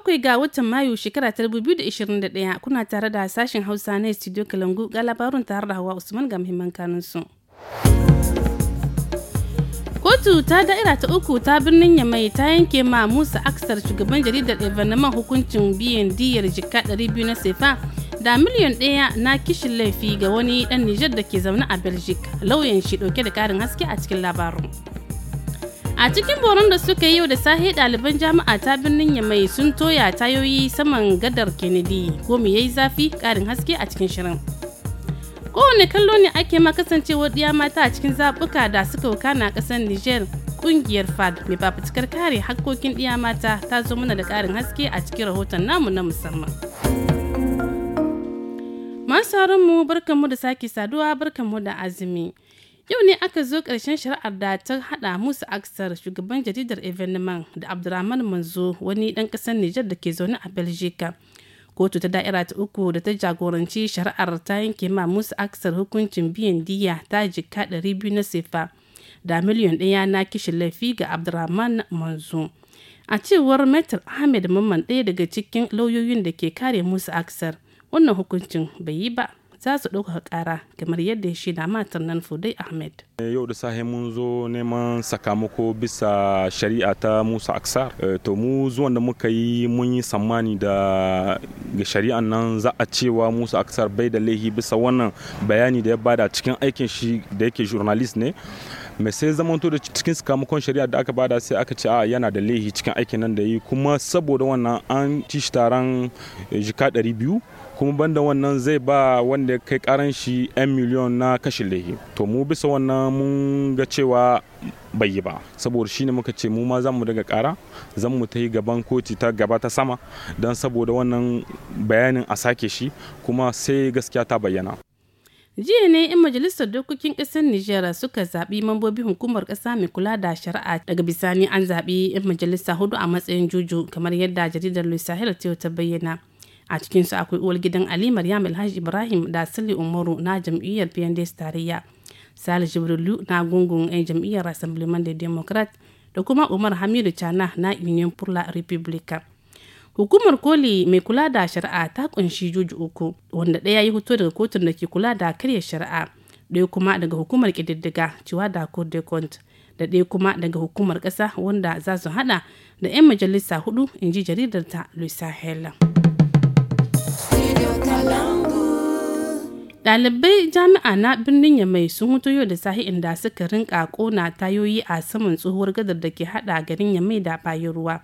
bakwai ga watan mayu shekara ta 2021 kuna tare da sashen hausa na studio kalangu ga labarin tare da hawa usman ga muhimman kanunsu kotu ta da'ira ta uku ta birnin yamai ta yanke ma musa aksar shugaban jaridar evenement hukuncin biyan diyar jika 200 na sefa da miliyan ɗaya na kishin laifi ga wani ɗan nijar da ke zaune a belgic lauyan shi ɗauke da ƙarin haske a cikin labarin a cikin boron da suka yi yau da sahi ɗaliban jami'a ta birnin yamai sun toya tayoyi saman gadar kennedy ko ya yi zafi ƙarin haske a cikin shirin kowane kallo ne ake ma kasancewar ɗiya mata a cikin zaɓuka da suka wakana a ƙasar niger ƙungiyar fad mai fafutukar kare hakkokin ɗiya mata ta zo mana da ƙarin haske a cikin rahoton namu na musamman masu mu barkanmu da sake saduwa barkanmu da azumi yau ne aka zo ƙarshen shari'ar da ta haɗa musu aksar shugaban jaridar evenement da abdulrahman manzo wani ɗan ƙasar nijar da ke zaune a belgica kotu ta da'ira ta uku da ta jagoranci shari'ar ta yanke ma musu aksar hukuncin biyan diya ta jika ɗari biyu na sefa da miliyan ɗaya na kishin laifi ga abdulrahman manzo a cewar metar ahmed mamman ɗaya daga cikin lauyoyin da ke kare musu aksar wannan hukuncin bai yi ba za su ɗauka ƙara kamar yadda ya shaida matar nan Fudai Ahmed. Yau da sahe mun zo neman sakamako bisa shari'a ta Musa Aksar. Eh, to mu zuwan da muka yi mun yi sammani da ga shari'an nan za a cewa Musa Aksar bai da laihi bisa wannan bayani da ya bada cikin aikin shi da yake journalist ne. mai sai zamanto da cikin sakamakon shari'a da aka bada sai aka ce a yana da laihi cikin aikin nan da yi kuma saboda wannan an ci shi taron eh, jika 200 kuma banda wannan zai ba wanda kai karan shi 'yan miliyon na kashin laihi to mu bisa wannan mun ga cewa bai yi ba saboda shine muka ce mu ma za mu daga kara zan mu ta yi gaban koti ta gaba ta sama don saboda wannan bayanin a sake shi kuma sai gaskiya ta bayyana jiya ne 'yan majalisar dokokin kasar nijar suka zaɓi mambobin hukumar ƙasa mai kula da shari'a daga bisani an zaɓi 'yan majalisa hudu a matsayin juju kamar yadda jaridar louis sahel ta bayyana a cikin su akwai uwar gidan ali maryam alhaji ibrahim da sali umaru na jam'iyyar pnds tarayya sale jibrilu na gungun 'yan jam'iyyar rassemblement des Democrat da kuma umar hamidu chana na union pour la Hukumar koli mai kula da shari'a ta kunshi juji uku wanda ɗaya ya fito daga kotun da ke kula da karya shari'a ɗaya kuma daga hukumar ƙididdiga cewa da de da ɗaya kuma daga hukumar ƙasa wanda za su haɗa da 'yan majalisa hudu in ji jaridar ta Luisa Ɗalibai jami'a na birnin Yamai sun hutu yau da sahi inda suka rinka kona tayoyi a saman tsohuwar gadar da ke haɗa garin Yamai da bayan ruwa.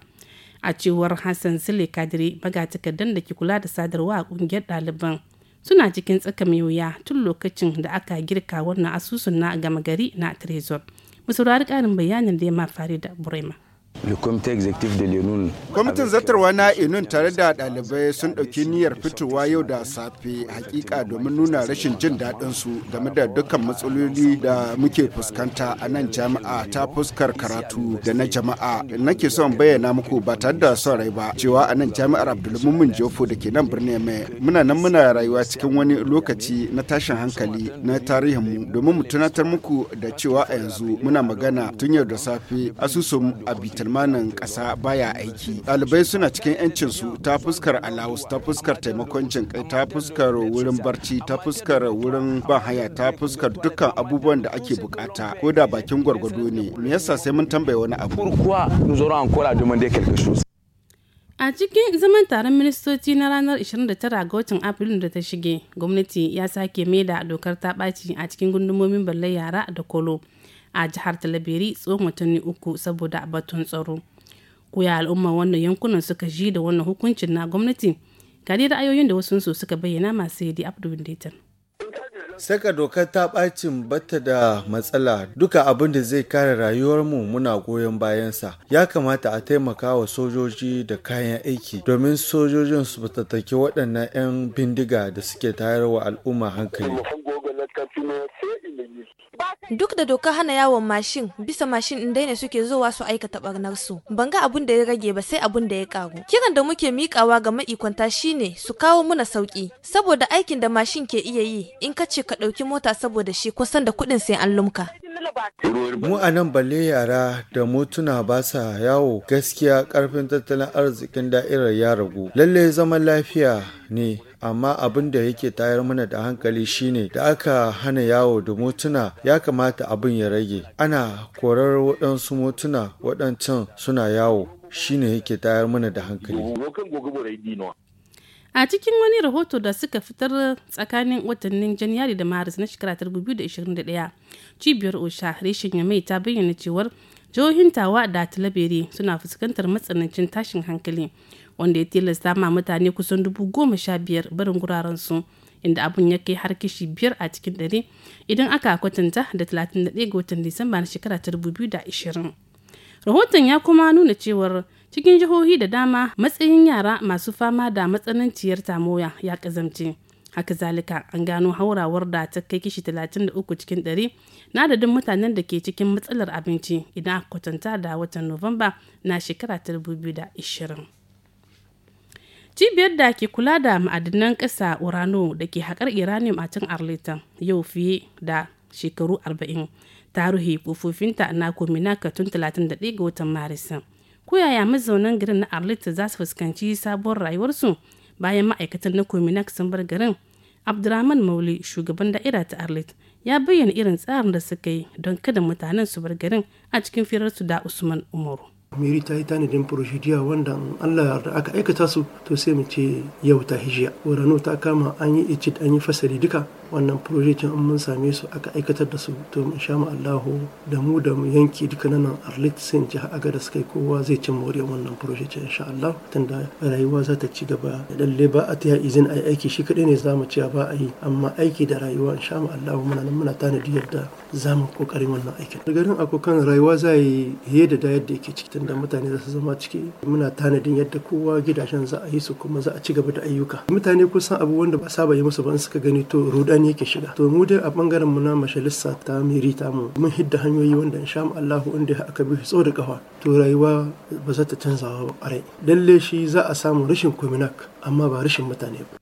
a cewar hassan sule kadiri magatakardan da ke kula da sadarwa a kungiyar ɗaliban suna cikin tsaka mai wuya tun lokacin da aka girka wannan asusun na gama gari na trezor mu saurari bayanin da ya ma fari da burema Kwamitin zartarwa na Inun tare da ɗalibai sun ɗauki niyyar fitowa yau da safe hakika domin nuna rashin jin daɗin su game da dukkan matsaloli da muke fuskanta a nan jami'a ta fuskar karatu da na jama'a. Nake son bayyana muku ba tare da son rai ba cewa a nan jami'ar Abdulmumin Jofo da ke nan birnin mai muna nan muna rayuwa cikin wani lokaci na tashin hankali na tarihinmu domin mu tunatar muku da cewa a yanzu muna magana tun yau da safe asusun abitan musulmanin ƙasa baya aiki ɗalibai suna cikin 'yancin su ta fuskar alawus ta fuskar taimakon jin kai ta fuskar wurin barci ta fuskar wurin ban haya ta fuskar dukkan abubuwan da ake bukata ko da bakin gwargwado ne me yasa sai mun tambaye wani abu kuwa da A cikin zaman taron ministoci na ranar 29 ga watan Afrilu da ta shige, gwamnati ya sake mai da dokar ta ɓaci a cikin gundumomin balle yara da kolo. a jihar talabiri tsohon watanni uku saboda batun tsaro ya al'umma wannan yankunan suka ji da wannan hukuncin na gwamnati ga dai ra'ayoyin da wasu su suka bayyana masu yadi abdul saka dokar ta bacin bata da matsala duka abin da zai kare mu muna goyon bayansa ya kamata a taimaka wa sojoji da kayan aiki domin sojojin su fatattaki waɗannan 'yan bindiga da suke tayar wa al'umma hankali Duk da doka hana yawon mashin bisa mashin in daina suke zuwa su aikata barnar su. Ban ga abun da ya rage ba sai abun da ya karu. Kiran da muke mikawa ga ma'ikwanta shine su kawo muna sauki saboda aikin da mashin ke iya yi in ka ce ka ɗauki mota saboda shi kusan da kuɗin sai an lumka. Mu a nan balle yara da motuna ba sa yawo gaskiya karfin tattalin arzikin da'irar ya ragu. Lalle zaman lafiya ne amma abin da yake tayar mana da hankali shine da aka hana yawo da motuna ya kamata abin ya rage ana korar waɗansu motuna waɗancan suna yawo shine yake tayar mana da hankali a cikin wani rahoto da suka fitar tsakanin watannin janairu da maris na shekara 2021 cibiyar osha reshen yamai ta bayyana cewar jihohin tawa da talabere suna fuskantar matsanancin tashin hankali wanda ya tilasta ma mutane kusan dubu goma sha biyar barin guraren su inda abun ya kai har kishi biyar a cikin dare idan aka kwatanta da 31 ga watan disamba na shekara 2020 rahoton ya kuma nuna cewar cikin jihohi da dama matsayin yara masu fama da matsananciyar tamoya ya kazamce haka zalika an gano haurawar da ta kai kishi 33 cikin 100 na adadin mutanen da ke cikin matsalar abinci idan aka kwatanta da watan nuwamba na shekara 2020 cibiyar da ke kula da ma'adinan ƙasa urano da ke haƙar iranium a can arlington yau fiye da shekaru 40 ta ruhe kofofinta na kominaka tun 31 ga watan maris ko yaya mazaunan garin na arlita za su fuskanci sabuwar rayuwarsu bayan ma'aikatan na kominak sun bar garin abdurrahman mauli shugaban da'ira ta arlit ya bayyana irin tsarin da suka yi don kada mutanen su bar garin a cikin firarsu da usman umaru miri ta yi tanadin proshidiya wanda in allah da aka aikata su to sai mu ce yau ta hijiya rano ta kama an yi icid an yi fasari duka wannan projekin an mun same su aka aikatar da su to mu sha mu allahu da mu da mu yanki duka nan arlit sai ji aga da suka kowa zai cin moriya wannan projekin insha allah tunda rayuwa za ta ci gaba da lalle ba a ta ya izin yi aiki shi kaɗai ne za mu ci ba a yi amma aiki da rayuwa insha mu allahu muna nan muna tanadi yadda za mu kokarin wannan aikin garin akokan rayuwa za yi da da yadda yake cikin da mutane za su zama ciki muna tanadin yadda kowa gidajen za a yi su kuma za a ci gaba da ayyuka mutane kusan abu wanda ba saba yi musu ba suka gani to rudani yake shiga to mu dai a bangaren mu na mashalissa ta miri ta mu mun hidda hanyoyi wanda insha Allah inda aka bi tso da kafa to rayuwa ba za ta canza ba ƙwarai lalle shi za a samu rashin kominak amma ba rashin mutane ba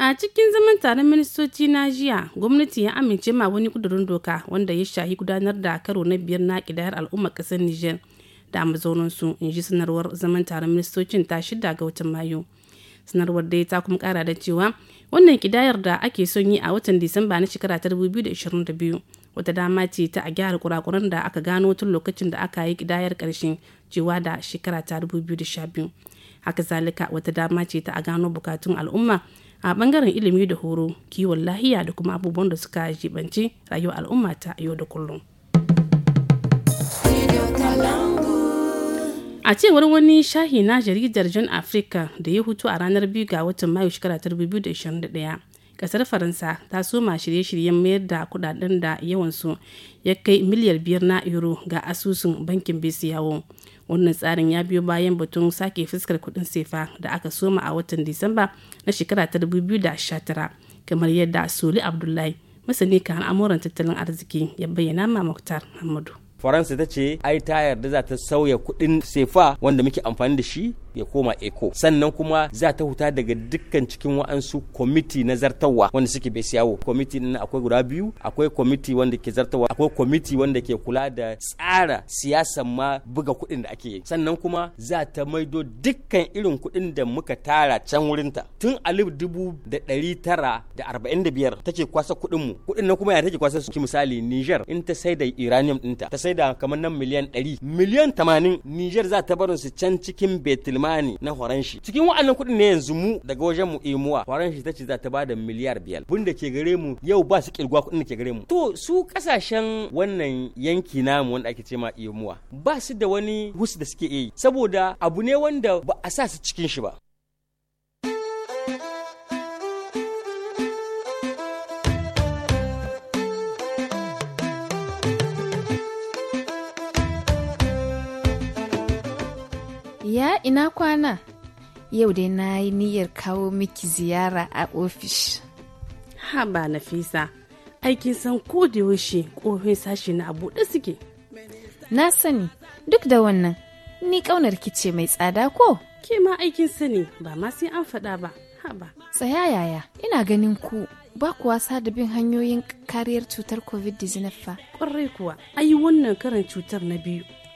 a cikin zaman taron ministoci na jiya gwamnati ya amince ma wani kudurin doka wanda ya shahi gudanar da karo na biyar na kidayar al'ummar kasar niger da mazauninsu in ji sanarwar zaman taron ministocin ta shida ga watan mayu sanarwar dai ta kuma kara da cewa wannan kidayar da ake son yi a watan disamba na shekara ta 2022 wata dama ce ta a gyara kurakuran da aka gano tun lokacin da aka yi kidayar karshen cewa da shekara ta 2012 haka zalika wata dama ce ta a gano bukatun al'umma a bangaren ilimi da horo kiwon lahiya da kuma abubuwan da suka jibanci rayuwar al'umma ta yau da kullum. a cewar wani shahi na jaridar jan africa da ya hutu a ranar biyu ga watan mayu shekara 2021 kasar faransa ta soma shirye-shiryen mayar da kudaden da yawansu ya kai miliyar biyar na euro ga asusun bankin bcao wannan tsarin ya biyo bayan batun sake fuskar kudin sefa da aka soma a watan disamba na shekara 2019 kamar yadda soli abdullahi masani kan al'amuran tattalin arziki ya bayyana ma muktar hamadu faransa ta ce ai ta yarda za ta sauya kuɗin sefa wanda muke amfani da shi ya koma eco sannan kuma za ta huta daga dukkan cikin wa'ansu kwamiti na zartawa wanda suke bai siyawo kwamiti na akwai guda biyu akwai kwamiti wanda ke zartawa akwai kwamiti wanda ke kula da tsara siyasan ma buga kuɗin da ake yi sannan kuma za ta maido dukkan irin kuɗin da muka tara can wurinta tun alif dubu da ɗari tara da arba'in da biyar take kwasa kuɗin mu kuɗin na kuma ya take kwasa su misali Niger in ta sai da uranium ɗinta ta sai da kamar nan miliyan ɗari miliyan tamanin Niger za ta barin su can cikin Betul limani na horanshi cikin wa'annan kuɗin ne yanzu mu daga wajen mu imuwa horanshi ta ce za ta ba da miliyar biyar bunda ke gare mu yau ba su kirgwa kuɗin da ke gare mu to su kasashen wannan yanki namu wanda ake ce ma imuwa ba su da wani husu da suke yi saboda abu ne wanda ba a sa su cikin shi ba Ya ina kwana? Yau dai na yi niyyar kawo miki ziyara a ofis. Ha ba Nafisa, aikin san ko da yaushe ƙofin sashi na buɗe suke. Na sani, duk da wannan, ni ƙaunar kice mai tsada ko? Ke ma aikin sani ba ma sai an faɗa ba, ha ba. Tsaya yaya, ina ganin ku ba ku wasa da bin hanyoyin kariyar cutar covid-19 fa. Ƙwarai kuwa, ayi wannan karin cutar na biyu.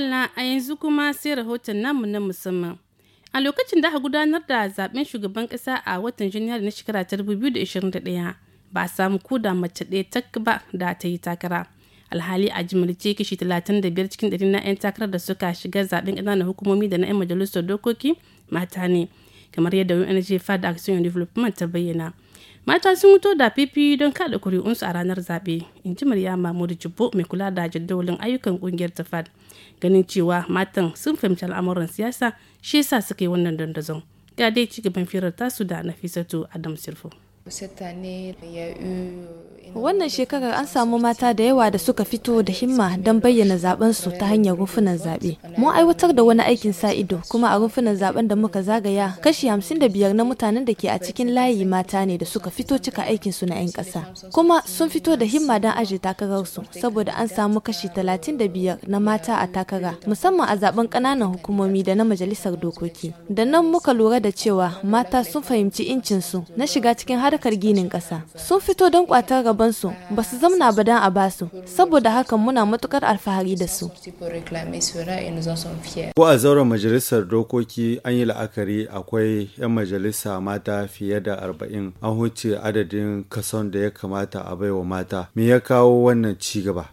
madalla a yanzu kuma sai rahoton namu na musamman. A lokacin da aka gudanar da zaben shugaban kasa a watan Janairu na shekara ta 2021 ba a samu ko da mace ɗaya tak ba da ta yi takara. Alhali a jimirce kashi 35 cikin ɗari na 'yan takarar da suka shiga zaben ƙananan hukumomi da na 'yan majalisar dokoki mata ne. Kamar yadda UNG Fad Action Development ta bayyana. mata sun wuto da fifi don kada kuri'unsu a ranar zaɓe in ji maryama jibbo mai kula da jadawalin ayyukan kungiyar tafad ganin cewa matan sun fahimci al'amuran siyasa shi yasa suka yi wannan dandazon ga dai ci gaban firar tasu da nafisatu adam sirfo Wannan shekarar an samu mata da yawa da suka fito da himma don bayyana su ta hanyar rufunan zaɓe. Mun aiwatar da wani aikin sa ido kuma a rufunan zaben da muka zagaya kashi hamsin da biyar na mutanen da ke a cikin layi mata ne da suka fito cika aikin su na 'yan ƙasa. Kuma sun fito da himma don aje takararsu saboda an samu kashi talatin da biyar na mata a takara musamman a zaben ƙananan hukumomi da na majalisar dokoki. Da nan muka lura da cewa mata sun fahimci incinsu na shiga cikin har albarkar ginin ƙasa. Sun fito don ƙwatar gabansu, ba su zamna ba don a basu, saboda hakan muna matukar alfahari da su. Ko a zauren majalisar dokoki an yi la'akari akwai 'yan majalisa mata fiye da arba'in an huce adadin kason da ya kamata a baiwa mata. Me ya kawo wannan ci gaba?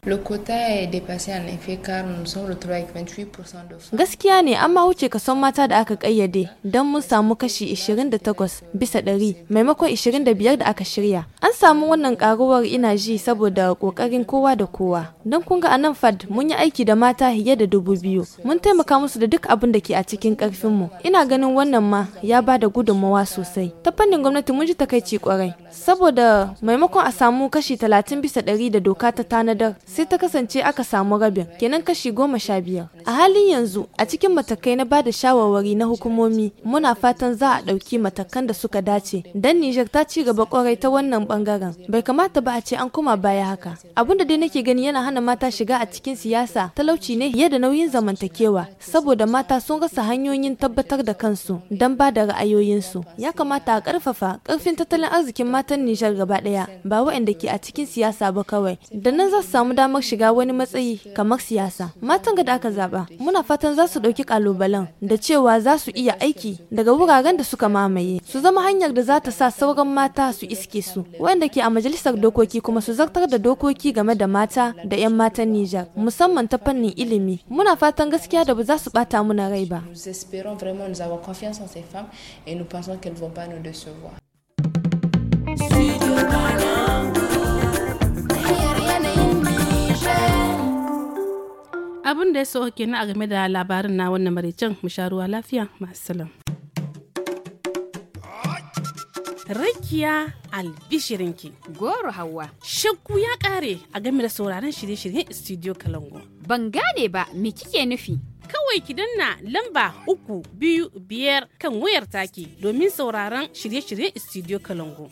Gaskiya ne an ma wuce kason mata da aka kayyade don mun samu kashi 28 bisa 100 maimakon 25 biyar da aka shirya. An samu wannan karuwar ina ji saboda kokarin kowa da kowa. Don kun ga anan fad mun yi aiki da mata fiye da dubu biyu. Mun taimaka musu da duk abin da ke a cikin karfinmu. Ina ganin wannan ma ya ba da gudunmawa sosai. Ta fannin gwamnati mun ji takaici kwarai. Saboda maimakon a samu kashi talatin bisa ɗari da doka ta tanadar sai ta kasance aka samu rabin kenan kashi goma sha biyar. A halin yanzu a cikin matakai na bada shawarwari na hukumomi muna fatan za a ɗauki matakan da suka dace. Dan Nijar ta ci gaba kwarai ta wannan bangaren. Bai kamata ba a ce an koma baya haka. Abin da dai nake gani yana hana mata shiga a cikin siyasa talauci ne fiye da nauyin zamantakewa saboda mata sun rasa hanyoyin tabbatar da kansu don ba da ra'ayoyinsu. Ya kamata a karfafa karfin tattalin arzikin matan Nijar gaba daya ba waɗanda ke a cikin siyasa ba kawai. Da nan za su samu damar shiga wani matsayi kamar siyasa. Matan ga da aka zaba muna fatan za su ɗauki kalubalen da cewa za su iya aiki daga wuraren da suka mamaye su zama hanyar da za ta sa sauran mata mata su iske su wanda ke a majalisar dokoki kuma su zartar da dokoki game da mata da 'yan matan Nijar musamman ta fannin ilimi muna fatan gaskiya da ba za su bata muna rai ba abin da ya so kenan a game da labarin na wannan maricin mu sha ruwa lafiya masu salam Rikiya albishirinki. Goro Hauwa. Shakku ya kare a game da sauraron shirye-shiryen Studio Kalango. Ban gane ba me kike nufi? Kawai ki danna lamba uku biyu biyar kan wayar take domin sauraron shirye-shiryen Studio Kalango.